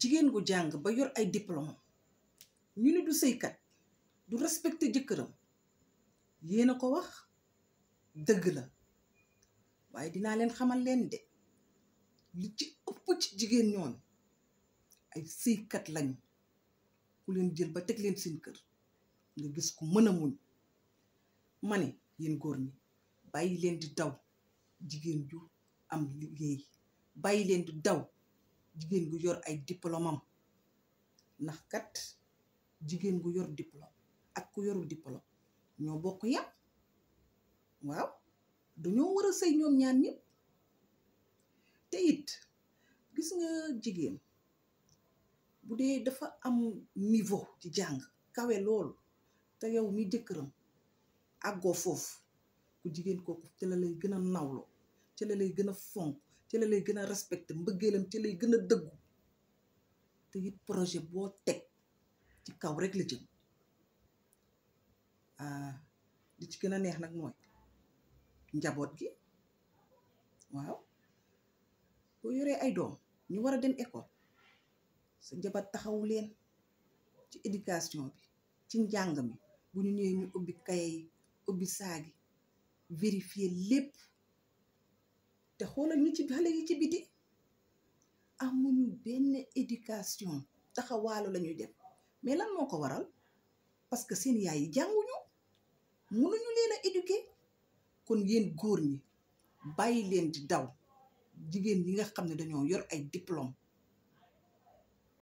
jigéen gu jàng ba yor ay diplôme ñu ne du sëykat du respecté jëkkëram yéen a ko wax dëgg la waaye dinaa leen xamal leen de li ci ëpp ci jigéen ñoon ay sëykat lañ ku leen jël ba teg leen seen kër nga gis ku mën a muñ ma ne yéen góor ñi bàyyi leen di daw jigéen ju am liggéey bàyyi leen di daw jigéen gu yor ay diplôme ndax kat jigéen gu yor diplôme ak ku yoru diplôme ñoo bokk yàpp waaw dañoo war a sëy ñoom ñaan ñëpp te it gis nga jigéen bu dee dafa am niveau ci jàng kawe loolu te yow mi jëkkëram àggoo foofu ku jigéen kooku ci la lay gën a nawloo ci la lay gën a fonk ci la lay gën a respecté mbëggeelam ci lay gën a dëggu te it projet boo teg ci kaw rek la jëm ah li ci gën a neex nag mooy njaboot gi waaw boo yoree ay doom ñu war a dem école sa jabar taxaw leen ci éducation bi ci njàng mi bu ñu ñëwee ñu ubbi kaye yi ubbi saagi vérifier lépp te xoolal ñu ci xale yi ci biti amuñu benn éducation taxawaalu la ñuy def mais lan moo ko waral parce que seen yaay yi jànguñu mënuñu leen a éduquer kon yéen góor ñi bàyyi leen di daw jigéen ñi nga xam ne dañoo yor ay diplôme